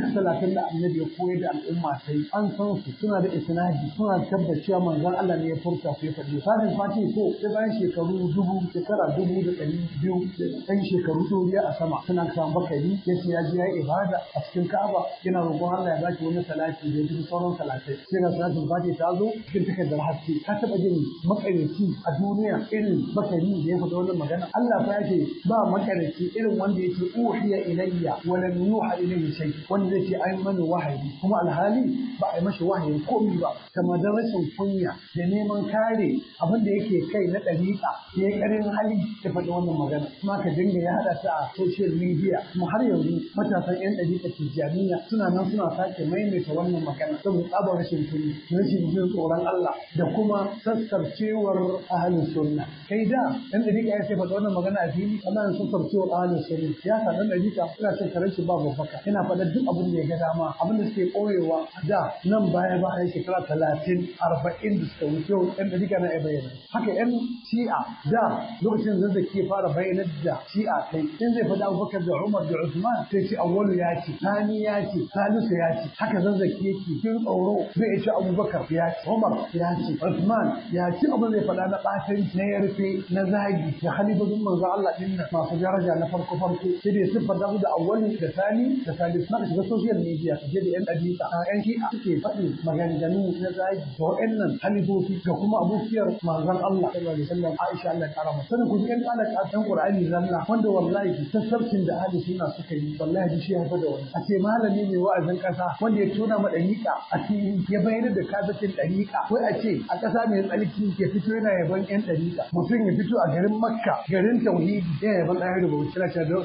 duk salatin da annabi ya koyar da al'umma yi. an san su suna da isnadi suna tabbacewa manzon Allah ne ya furta su ya faɗi misalin fati ko sai bayan shekaru dubu shekara dubu da ɗari biyu ɗan shekaru ɗoriya a sama suna kan bakari ya ce ya je ya ibada a cikin Ka'aba yana roƙon Allah ya baki wani salati da duk sauran salatai sai ga salatin fati ta zo cikin takardar haske ka taɓa jin makarici a duniya irin bakari da ya faɗa wannan magana Allah fa ya ce ba makarici irin wanda ya ce uhiya ilayya wa lam yuha ilayhi shay wani zai ce ai mani wahayi kuma alhali ba a yi mashi wahayin komi ba kamar da rashin kunya da neman kare abin da yake kai na ɗariƙa ya yi ƙarin hali ta faɗi wannan magana kuma ka dinga ya haɗa ta a social media kuma har yanzu matasan 'yan ke jami'a suna nan suna sake maimaita wannan magana saboda tsabar rashin kunya rashin jin tsoron Allah da kuma sassarcewar ahalin sunna kai da ɗan ɗariƙa ya ce faɗi wannan magana a fili ana sassarcewar ahalin sunna ya sa dan ɗariƙa ina son kare shi ba babbaka yana faɗa duk abin da ya ga dama abin da suke koyewa da nan baya baya shekara talatin arba'in da suka wuce yan dalika na bayyana haka yan shi'a da lokacin da zai ke fara bayyana da shi'a kai in zai faɗa abubakar da umar da usman sai shi awwalu ya ce sani ya ce salisu ya ce haka zazzaki yake kin tsoro zai ce abubakar ya ce umar ya ce usman ya ce abin zai faɗa na ɓatanci na yarfe na zagi da halibin manzo Allah ɗin nan masu daraja na farko farko sai dai siffar da awwalu da sani da salisu shiga social media ka je da yan ɗabi'a a yan shi'a suke faɗi maganganu na zagi da waɗannan halifofi ga kuma abokiyar manzon Allah sallallahu alaihi wasallam Aisha Allah ya kara masa sanin kun yan ƙala ka san Qur'ani zalla wanda wallahi tasarrufin da hali suna suka yi wallahi shi ya da wani a ce malami ne wa'azin ƙasa wanda ya tona ma ɗariƙa a cikin ya bayyana da kazatin ɗariƙa ko a ce a ƙasa mai tsarki ke fito yana yaban yan ɗariƙa mutum ya fito a garin Makka garin Tauhidi yana yaban ɗaya da bauchi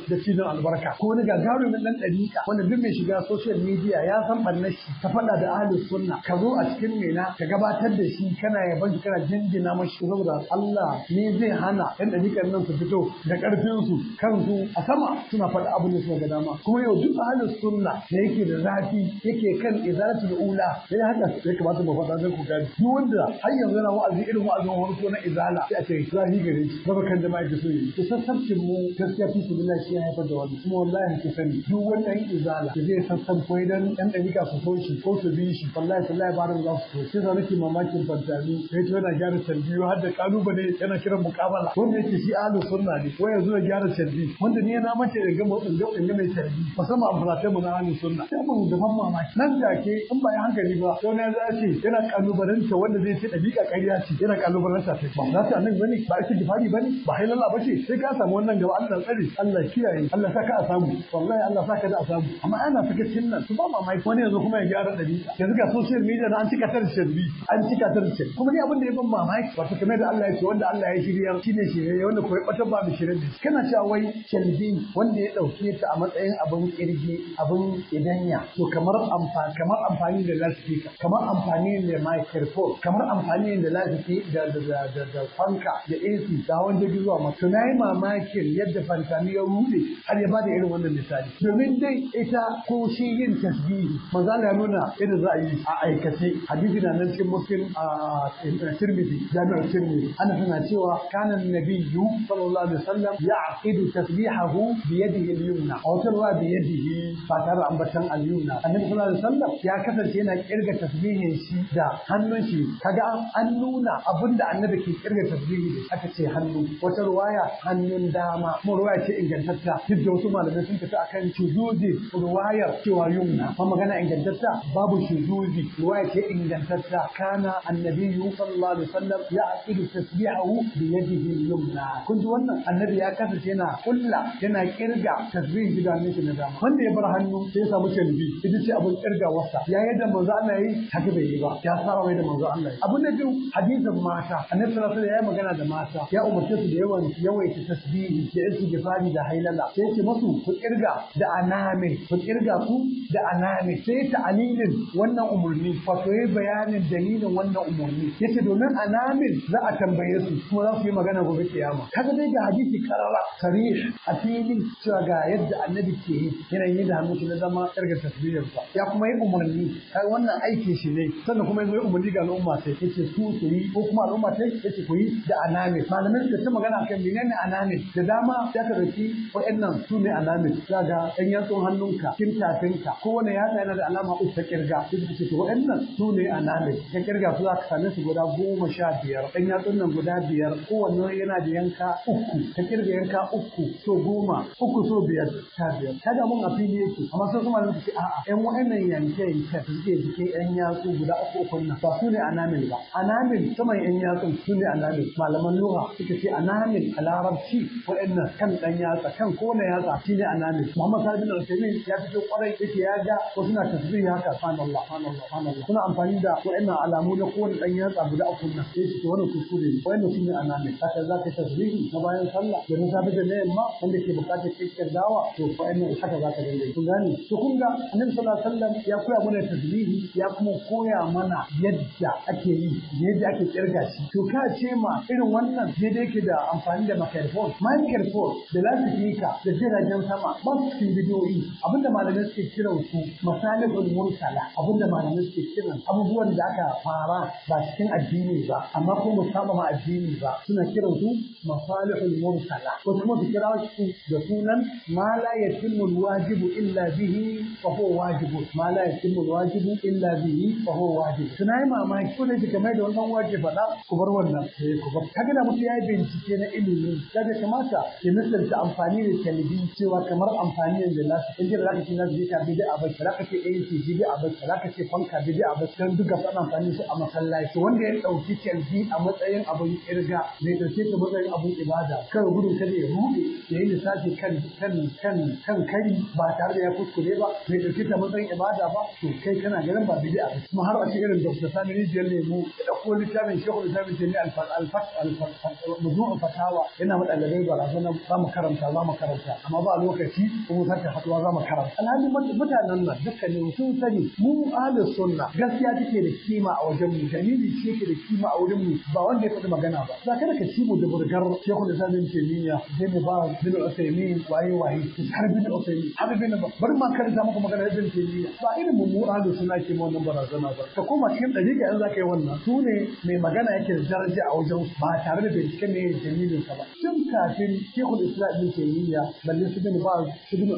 da cizon albarka ko wani gagarumin ɗan ɗariƙa wanda duk mai shiga social media ya san ɓannar shi ka faɗa da ahlus sunna ka zo a cikin mena ka gabatar da shi kana yaban shi kana jinjina mashi saboda Allah ne zai hana ɗan ɗalikan nan su fito da ƙarfin su kansu a sama suna faɗa abin da suka ga dama kuma yau duk ahlus sunna da yake da zafi yake kan da ula sai haka sai kamata mu faɗa da ku gani duk wanda har yanzu yana wa'azi irin wa'azin farko na izala sai a ce zafi gare shi ba kan jama'a ke so yi to sassabcin mu gaskiya fi su billahi shi ya haifar da wani kuma wallahi ku sani duk wanda izala san sassan koyi don yan ka su shi ko su bi shi fallahi fallahi ba za su so shi za nake mamakin fantami sai to yana gyara tarbiyu har da kalubale yana kiran mukabala ne yake shi alu sunna ne ko yanzu ya gyara sanbi wanda ni na mace gama ga in ga in ga mai tarbi musamman amfanatai mu na alu sunna sai mun da ban mamaki nan ke in ba ya hankali ba ko ne za ce yana kalubalanta wanda zai ce ɗabi'a ƙarya ce yana kalubalanta ta ba za ta nan bane ba ake gifari bane ba hailalla ba ce sai ka samu wannan gaba Allah tsare Allah kiyaye Allah saka a samu wallahi Allah saka da a samu amma ana ana sakacin nan su ba mamaki wani yanzu kuma ya gyara ɗabi'a yanzu ga social media an cika ta shirbi an cika ta shirbi kuma ni abin da ya ban mamaki wato kame da Allah ya ce wanda Allah ya shirya shine shirye wanda koyi bata ba mu shirye da kana cewa wai shirbi wanda ya dauke ta a matsayin abin kirge abin idanya to kamar amfani kamar amfani da lasfika kamar amfani da microphone kamar amfani da loudspeaker da da da da fanka da AC da wanda jirgin zuwa ma to mamakin yadda fantami ya rude har ya bada irin wannan misali domin dai ita ko shi yin tasbihi manzo Allah nuna irin za a yi a aikace hadisi na nan cikin muslim a eh, eh, tirmidhi jami'ar tirmidhi ana tana cewa kana nabiyyu sallallahu alaihi wasallam ya'qidu tasbihahu bi yadihi al-yumna aw tarwa bi yadihi fa tara ambatan al-yumna annabi sallallahu alaihi wasallam ya kasance yana kirga tasbihin shi da hannun shi kaga an nuna abinda annabi ke kirga tasbihi da aka ce hannu wata ruwaya hannun dama mu ruwaya ce ingantacciya duk da wasu malamai sun tafi akan sujudi ruwaya ayar cewa yumna fa magana ingantatta babu shuzuzi ruwaya ce ingantatta kana annabiyyu sallallahu alaihi wasallam ya aqidu tasbihahu bi yadihi yumna kun ji wannan annabi ya kasance yana kulla yana kirga tasbihin shi da hannunsa na dama wanda ya bar hannu sai ya samu canbi ita ce kirga wasa. ya yadda manzo Allah yayi haka bai yi ba ya saba mai da manzo Allah yayi Abun da biyu hadisin mata annabi sallallahu alaihi ya magana da mata ya umarce su da yawan yawaita tasbihi da gifari da hailala sai ya ce masu ku kirga da anamil ku kirga maida ku da anani sai alilin wannan umarni wato yayi bayanin dalilin wannan umarni yace domin anamin za a tambaye su kuma za su yi magana gobe kiyama kaga dai ga hadisi karara sarih a filin cewa ga yadda annabi ke yi yana yi da hannu na zama karga tasbihin sa ya kuma yi umarni kaga wannan aikin shi ne sannan kuma yi umarni ga al'umma sai yace su su yi ko kuma al'umma sai yace ku yi da anamin malamin da ta magana kan menene anamin da dama ya ka dauki wa'annan su ne anamin kaga ɗan yatsun hannunka kin Ka kowane yatsa da alama uku ta kirga sai suka ce to waɗannan su ne anamil ka kirga su za ka same su guda goma sha biyar ɗan yatsun nan guda biyar kowanne yana da yanka uku ta kirga yanka uku so goma uku so biyar sha biyar da mun a fili yake amma sai kuma suka ce a'a ƴan yanke yanke su suke jikin ƴan yatsu guda uku uku nan ba su ne anamil ba anamil saman ƴan yatsun su ne anamil malaman lugha suka ce anamil a larabci waɗannan kan ɗan yatsa kan kowane yatsa shi ne anamil Muhammad Sabi Al-Uthaymeen ya fito da kwarai yake ya ga ko suna tasbih haka subhanallah subhanallah subhanallah suna amfani da wa'annan alamu na kowane dan yatsa guda uku nan sai su ce wannan kuskure ne wannan shine anane haka za ka tasbih na bayan sallah da na da na yamma wanda ke bukatar cikakken dawa to wa'annan haka za ka dinga kun gane to kun ga annabi sallallahu alaihi wasallam ya koya mana tasbih ya kuma koya mana yadda ake yi yadda ake kirga shi to ka ce ma irin wannan Ne daidai yake da amfani da microphone microphone da lasifika da jiragen sama ba su cikin bidiyoyi abinda malamai suke kiran su masalihul mursala abinda malamai suke kiran abubuwan da aka fara ba cikin addini ba amma ko mu ma addini ba suna kiran su masalihul mursala ko kuma su kira su da sunan ma la yatimmu alwajibu illa bihi fa huwa wajibu ma la yatimmu alwajibu illa bihi fa huwa wajibu suna yi mamaki ko da kamar da wannan wajibi faɗa ku bar wannan sai eh, ku bar kaga da mutum ya yi bincike na ilimi kaga kamata ya misalta amfani da talibi cewa kamar amfani da lasu kaje da zaka lagrita bid'a ba ce zaka ce ANC bid'a ba ce zaka ce fanka bid'a ba ce duka faɗan amfani su a masallaci wanda ya ɗauki canji a matsayin abin irga zai ɗauke ta matsayin abin ibada Kan gudun kada ya ruɗe ya yi lissafi kan kan kan kan kari ba tare da ya kuskure ba mai ɗauke ta matsayin ibada ba to kai kana ganin ba bid'a ba kuma har a ce irin Dr. Sami Rijiyar Lemu ya ɗauko littafin Shehu Littafin Jami'a Alfat Alfat Muzu'un Fatawa yana ɗalibai barazana za mu karanta za mu karanta amma ba lokaci kuma sake haɗuwa za mu karanta alhali mutanen nan dukkanin sun sani mu ahlus sunna gaskiya take da kima a wajen mu dalili ce ke da kima a wurin mu ba wanda ya faɗi magana ba za kada ka ci mu da burgar shekul islamin taimiyya zai mu ba bin usaimin waye waye har bin usaimin har bin ba bari ma karanta muku magana ibn taimiyya ba irin mu mu ahlus sunna ke mu wannan barazana ba ka koma cikin dariƙa in za ka yi wannan su ne mai magana yake da daraja a wajen ba tare da bincike ne dalilin ka ba tun kafin shekul islam ibn taimiyya balle su bin ba su bin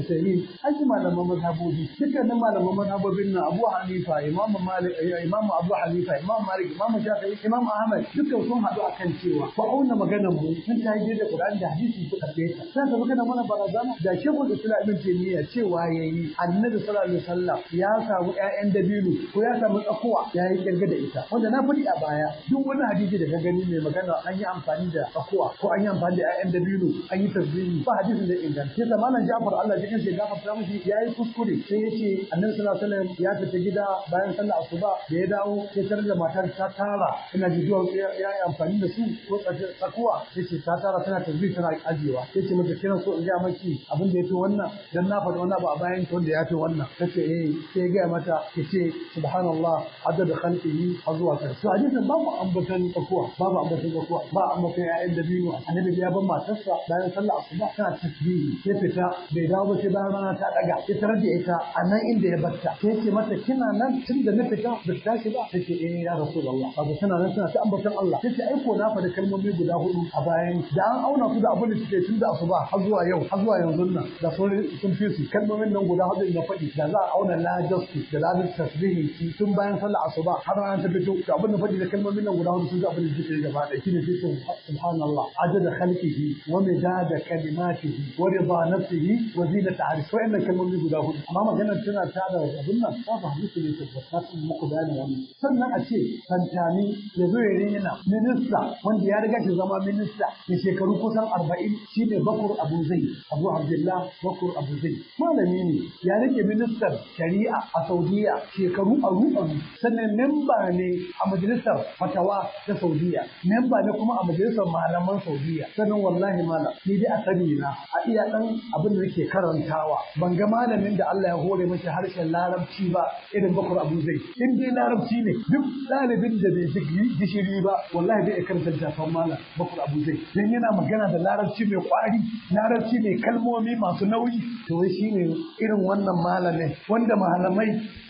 usaimin ai malaman mazhabobi dukkanin malaman mazhabobin nan Abu Halifa, Imam Malik eh, Imam Abu Halifa, Imam Malik Imam Shafi'i Imam Ahmad dukkan sun haɗu akan cewa ba auna maganar mu sun ta yi da Qur'ani da hadisi su kai ta sai ka magana mana barazana da Sheikhul Islam Ibn Taymiyyah cewa yayi Annabi sallallahu alaihi wasallam ya samu ƴaƴan dabino ko ya samu tsakuwa ya yi kirga da ita wanda na faɗi a baya duk wani hadisi da ka gani mai magana an yi amfani da tsakuwa ko an yi amfani da ƴaƴan dabino an yi tasbihi ba hadisin da inganta sai malam Ja'far Allah ya gafa gafarta mishi ya yi kuskure sai ya ce annabi sallallahu alaihi wasallam ya fita gida bayan sallar asuba da ya dawo sai tar da matar ta tara ina ji duwan ya yi amfani da su ko tsakuwa sai ce ta tara tana tafi tana ajiyewa sai ce mata kiran so in ga maki abin da ya fi wannan dan na faɗi wannan ba a bayan wanda ya fi wannan tace eh sai ga mata ta ce subhanallah adad khalqihi azwa zuwa to hadisin babu ambatan tsakuwa babu ambatan tsakuwa ba ambatan ya'yan dabino annabi ya ban matarsa bayan sallar asuba tana tasbihi sai fita bai dawo ba sai bayan rana ta daga ita rage ita a nan inda ya batta sai yake mata kina nan tun da na fita ba ta tashi ba take eh ya rasulullah ba tana nan tana ta ambatan Allah sai ai ko na faɗa kalmomi guda hudu a bayan da an auna su da abin da suke tun da asuba har zuwa yau har zuwa yanzu nan da sun sun fi su kalmomin nan guda hudu na faɗi da za a auna lajarsu da lajar tasbihi tun bayan sallar asuba har rana ta fito da abin da faɗi da kalmomin nan guda hudu sun ga abin da suke gaba ɗaya shine sai subhanallah adada khalqihi wa midada kalimatihi wa rida nafsihi wa zinata arshi wayannan kalmomi guda hudu amma maganar tana ta da abin nan ba ba hadisi ne tabbata sun muku bayani wannan sannan a ce santani ya zo ya yana minista wanda ya riga shi zama minista da shekaru kusan arba'in shi ne bakur abu zai abu abdullah bakur abu zai malami ne ya rike ministan shari'a a saudiya shekaru aru aru sannan memba ne a majalisar fatawa ta saudiya memba ne kuma a majalisar malaman saudiya sannan wallahi malam ni dai a sani na a iya dan abin da nake karantawa ban ga malamin da Allah ya hore mashi harshen larabci ba irin bakwai abu zai in dai larabci ne duk ɗalibin da bai ji gishiri ba wallahi bai karanta littafin malam bakwai abu zai dan yana magana da larabci mai kwari larabci mai kalmomi masu nauyi to shi ne irin wannan malamin wanda malamai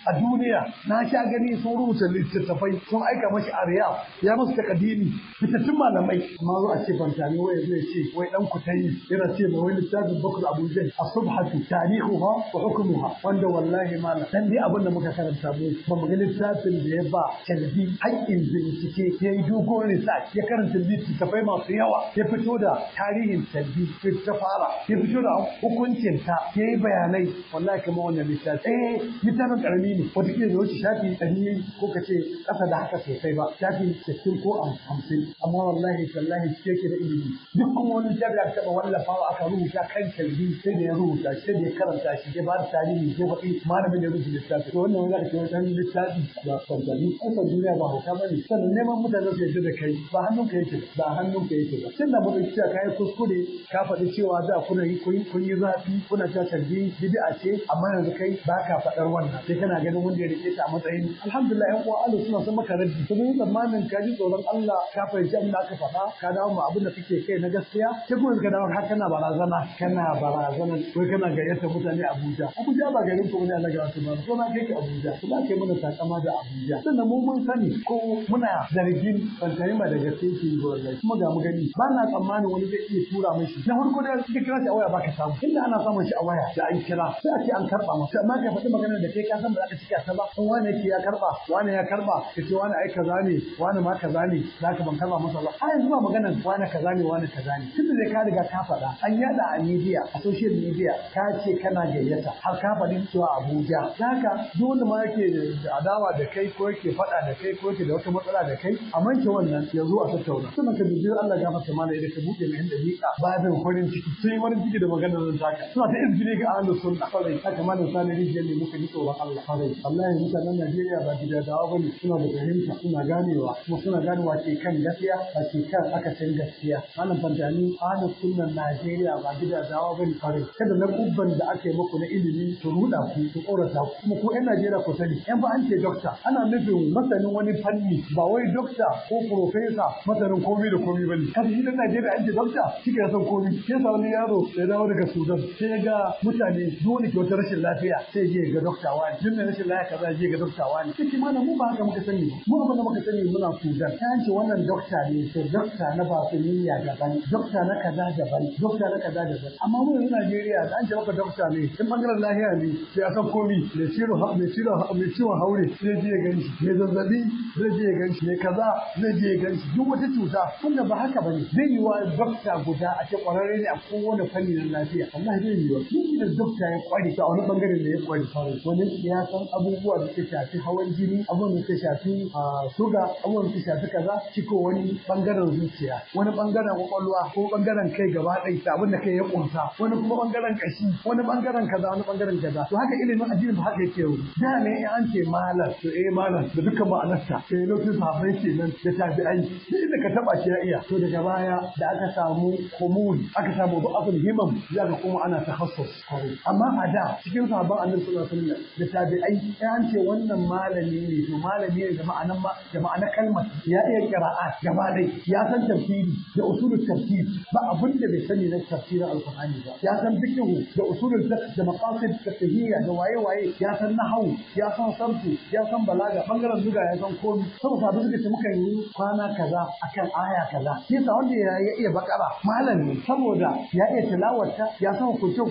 a duniya na sha gani sun rubuta littattafai sun aika mashi a riyal ya musu takadimi fitattun malamai amma zo a ce ban tare waya zai ce wai dan ku tayi yana ce mai wani littafin bakul abu zai tarihuha wa hukmuha wanda wallahi malam dan dai abin da muka karanta mu ba mu ga littafin da ya ba kalbi haƙƙin bincike ya yi dogon research ya karanta littattafai masu yawa ya fito da tarihin kalbi ta fara ya fito da hukuncinta ya yi bayanai wallahi kamar wannan littafi eh littafin karami addini wata kila da wuce shafi ɗari ko ka ce ƙasa da haka sosai ba shafi sittin ko hamsin amma wallahi tallahi shi yake da ilimi duk kuma wani littafi aka taɓa wallafawa aka rubuta kan kalbi sai da ya rubuta shi da ya karanta shi ya ba da tarihi ya faɗi malamin da ya rubuta littafi to wannan wani ake wani littafi ba kwantani ƙasar duniya ba hauka ba ne sannan neman mutane su yarda da kai ba hannun ka yake ba hannun ka yake ba tun da mu ɗauki cewa yi kuskure ka faɗi cewa da kuna yi kun yi zafi kuna ta kalbi a ce amma yanzu kai ba ka faɗar wannan sai kana ganin wanda ya rike ta a matsayin alhamdulillah yan uwa Allah suna son maka raddi to mun tsammanin ka ji tsoron Allah ka fahimci abin da aka faɗa ka dawo ma abin da kake kai na gaskiya sai kuma ka dawo har kana barazana kana barazana ko kana gayyata mutane Abuja Abuja ba garin ko ne Allah ga su ba ko na kai ka Abuja ko na kai mana takama da Abuja sannan mu mun sani ko muna zargin bantayin ba da gaske ke kuma ga mu gani ba na tsammanin wani zai iya tura mishi na farko da kika kira shi a waya baka samu inda ana samun shi a waya da an kira sai a ce an karba masa amma ka faɗi magana da kai ka san ba za ka cika ta ba in wani yake ya karba wani ya karba ka ce wani ai kaza ne wani ma kaza ne ka ban karba masa ba har yanzu ba maganan wani kaza ne wani kaza ne tunda dai ka riga ka faɗa an yada a media a social media ka ce kana gayyata har ka faɗi cewa Abuja zaka duk wanda ma yake adawa da kai ko yake faɗa da kai ko yake da wata matsala da kai a manke wannan ya zo a tattauna sannan ka dubi Allah ya masa mala da ka buɗe mai inda miƙa ba da farin ciki sai wani ciki da maganar zan taka suna ta izgiri ga ahlus sunna kawai haka malam sani rijiyar ne muka ji tsoron Allah kwarai Allah yanzu ka Najeriya ba da dawa ba ne suna da fahimta suna ganewa kuma suna ganewa ke kan gaskiya ba ke kan akasin gaskiya malam fantani ana sunnan Najeriya ba da dawa ba ne kare kada na kubban da ake yi muku na ilimi su ruda ku su korata ku kuma ko 'yan Najeriya ku sani 'yan ba an ce dokta ana nufin masanin wani fanni ba wai dokta ko profesa masanin komi da komi bane kada shi dan Najeriya an ce dokta shi ke san komi Ke sa wani yaro ya dawo daga Sudan sai ga mutane dole ke wata rashin lafiya sai ya ga dokta wani wannan rashin laya kaza je ga doktawa ne kace malam mu ba haka muka sani ba mu abin da muka sani muna kudan ta ce wannan dokta ne to dokta na basuliniya daban dokta na kaza daban dokta na kaza daban amma mu yanzu Najeriya da an ce maka dokta ne in bangaren lahiya ne sai a san komi mai ciwon mai ciwon mai ciwon haure zai je ya gani mai zazzabi zai je ya gani mai kaza zai je ya gani duk wata cuta tunda ba haka bane zai yi wa dokta guda a ce kwararre ne a kowane fanni na lafiya Allah zai yi wa shi da dokta ya kware a wani bangaren da ya kware wani siyasa shafan abubuwa da suka shafi hawan jini abubuwan da suka shafi suga abubuwan da suka shafi kaza ciko wani bangaren zuciya wani bangaren kwakwalwa ko bangaren kai gaba ɗaya da abin da kai ya kunsa wani kuma bangaren kashi wani bangaren kaza wani bangaren kaza to haka ilimin addini ba haka yake yau da ne an ce malam to eh malam da dukkan ma'anarsa sai lokacin ce nan da tabi'ai duk inda ka taba shi ya iya to daga baya da aka samu komuni aka samu himan himam ga kuma ana tahassus amma a da cikin sabon annabi sallallahu alaihi wasallam da tabi'ai ai ya ce wannan malami ne to malami ne da ma'anan kalmar ya iya qira'a gaba dai ya san tafsiri da usulul tafsir ba abin da bai sani na tafsirin alqur'ani ba ya san fiqh da usulul fiqh da maqasid fiqhiyya da waye waye ya san nahwu ya san sarfu ya san balaga bangaren zuga ya san komi saboda abin da muka yi kwana kaza akan aya kaza shi sa wanda ya iya bakara malami saboda ya iya tilawarta ya san hukunce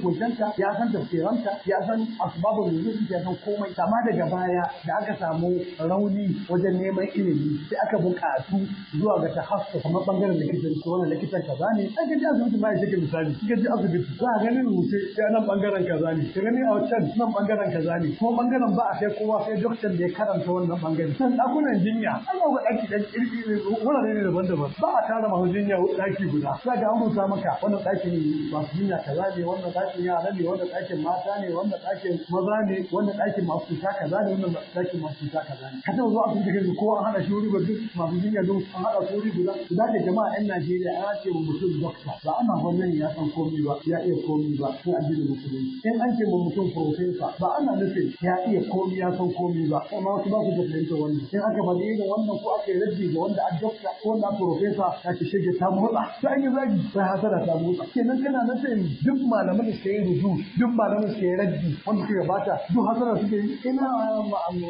ya san tafsiranta ya san asbabul nuzul ya san komai komai kama daga baya da aka samu rauni wajen neman ilimi sai aka bukatu zuwa ga tahassu kamar bangaren likitanci wannan likitan kaza ne sai ka ji asibiti ma ya shi misali ka ji asibiti za a ganin rubuce ya nan bangaren kaza ne sai gani a can nan bangaren kaza ne kuma bangaren ba a kai kowa sai doktan da ya karanta wannan bangaren san dakunan jinya an ga dan kirki ne wannan ne daban-daban ba a tara mahu jinya daki guda sai ga an rubuta maka wannan ne masu jinya kaza ne wannan a yara ne wannan ɗakin mata ne wannan ɗakin maza ne wannan ɗakin mafuta kaza ne wannan dakin mafuta kaza ne kasan zuwa abin da kai ko an hada shi wuri guda masu jinya zo an hada su wuri guda su da jama'a yan Najeriya an ce wa mutum dokta ba ana wannan ya san komai ba ya iya komai ba ko addinin musulunci in an ce wa mutum professor ba ana nufin ya iya komai ya san komai ba amma wasu ba su da fahimta wannan in aka faɗi irin wannan ko aka yi rabbi ga wanda an dokta ko na professor ta ce shege ta motsa ta an yi zagi ta hasara ta motsa kenan kana nufin duk malaman da suke yin rudu duk malaman da suke raddi wanda suke gabata duk hasara suke ina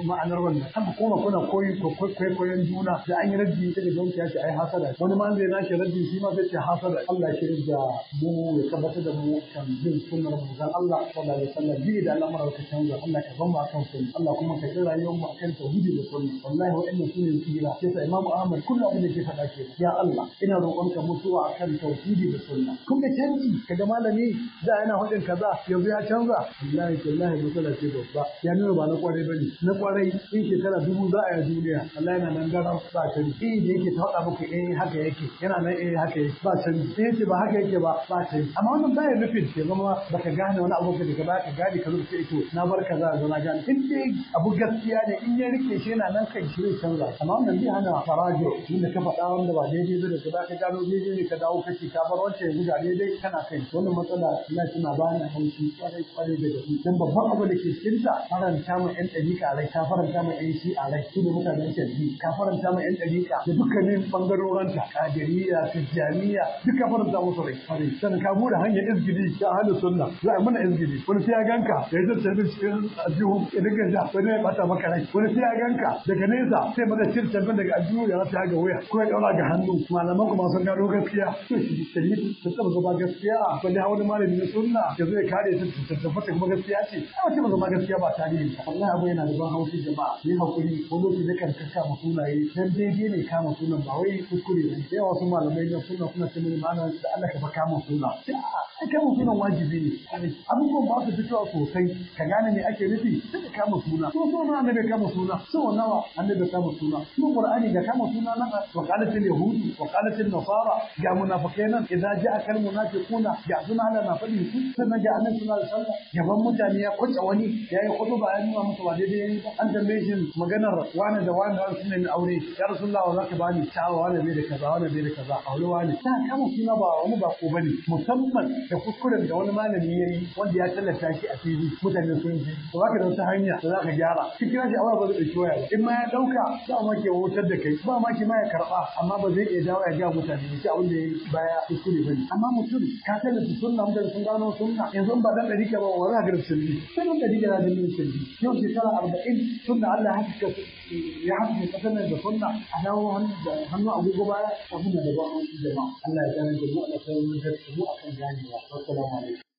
ma'anar wannan haka kuma kuna koyi kwaikwayon juna da an yi raddi daga zonki ya ce ai hasada wani ma zai nashi raddi shi ma zai ce hasada Allah ya shirin da mu ya da mu kan bin sunnar manzon Allah sallallahu alaihi wasallam bi da al'amuran ka canza Allah ka ban akan sunna Allah kuma ka kira rayuwar mu akan tauhidi da sunna wallahi wa'annan sunne kira sai sa Imam Ahmad kullum abin da ke faɗa ke ya Allah ina roƙonka mutuwa akan tauhidi da sunna kun ga canji kaga malami da yana hudin kaza yanzu ya canza wallahi wallahi matsala ce babba ya Kabiru ba na kwarai bane na kwarai in shekara dubu za a yi duniya Allah yana nan garan ba canji in da yake ta faɗa muku eh haka yake yana nan eh haka yake ba can. in ce ba haka yake ba ba can. amma wannan baya nufin ke zama baka gane wani abu ka baya ka gane ka rubuce to na bar kaza da na gane in dai abu gaskiya ne in ya rike shi yana nan kai. shi zai canza amma wannan bai hana farajo inda ka faɗa wanda ba daidai ba da ka ka gano daidai ne ka dawo kashi ka bar wancan yanzu ga daidai kana kai wannan matsala ina tana bani haushi kwarai kwarai da gaske dan babban abu da ke cikin ta faranta ma yan ɗariƙa alai ka faranta ma yan shi alai su ne mutanen shari'i ka faranta ma yan ɗariƙa da dukkanin ɓangaroranta ƙadiriya tijjaniya duk ka faranta musu rai fare sannan ka buɗe hanyar izgidi ta ahli sunna za a mana izgidi wani sai ya ganka da ya zai cikin aljihu ya dinga da wani ya ɓata maka rai wani sai ya ganka daga nesa sai maza cin canfin daga aljihu ya rasa ga waya ko ya ɗaura ga hannu malaman kuma sun gado gaskiya to shi shari'i ta taɓa zama gaskiya balle wani malami na sunna ya zo ya kare ta tattafa kuma gaskiya ce a wace ba zama gaskiya ba tare irin ta wallahi abu yana da ban haushi jama'a yi hakuri ko lokaci da kan kama sunaye dan daidai ne kama sunan ba wai kuskure ne da yawa malamai na suna suna ce mini ma'ana da Allah ka fa kama suna ai kama sunan wajibi ne abubuwan ba su fitowa sosai ka gane me ake nufi sai ka kama suna so so ma annabi kama suna so nawa annabi kama suna kuma qur'ani ga kama suna nan wa qalat al yahud wa qalat nasara ga munafikai nan idza ja'a kal munafiquna ya suna ala na fadi su annabi sallallahu alaihi wasallam yaban mutane ya kwace wani yayi khutba ba ya nuna masa ba daidai an tambaye shi maganar wani da wani wani suna yin aure ya rasulullah wa ka bani sha'awa wani bai da kaza wani bai da kaza aure wani ta kama suna ba wani ba ko bane musamman da kuskuren da wani malami ya yi wanda ya tallata shi a fili mutane sun ji to ka da wata hanya da ka gyara kin kira shi aure ba zai dauki waya in ma ya dauka ba ma ke wutar da kai ba ma ke ma ya karba amma ba zai iya dawo ya ga mutane shi abin da ya baya kuskure bane amma mutum ka tallata sunna mutane sun gano sunna yanzu ba dan dalika ba wa zaka da sunni sai dan da sunni يوجد سنة 40 ثم قال لها هتكس يعرف يستفدنا إذا كنا احنا هو هنوع بيجوا بقى وهم اللي بقى مش جماعة قال لها ده مجموعة ده مجموعة كان يعني والسلام عليكم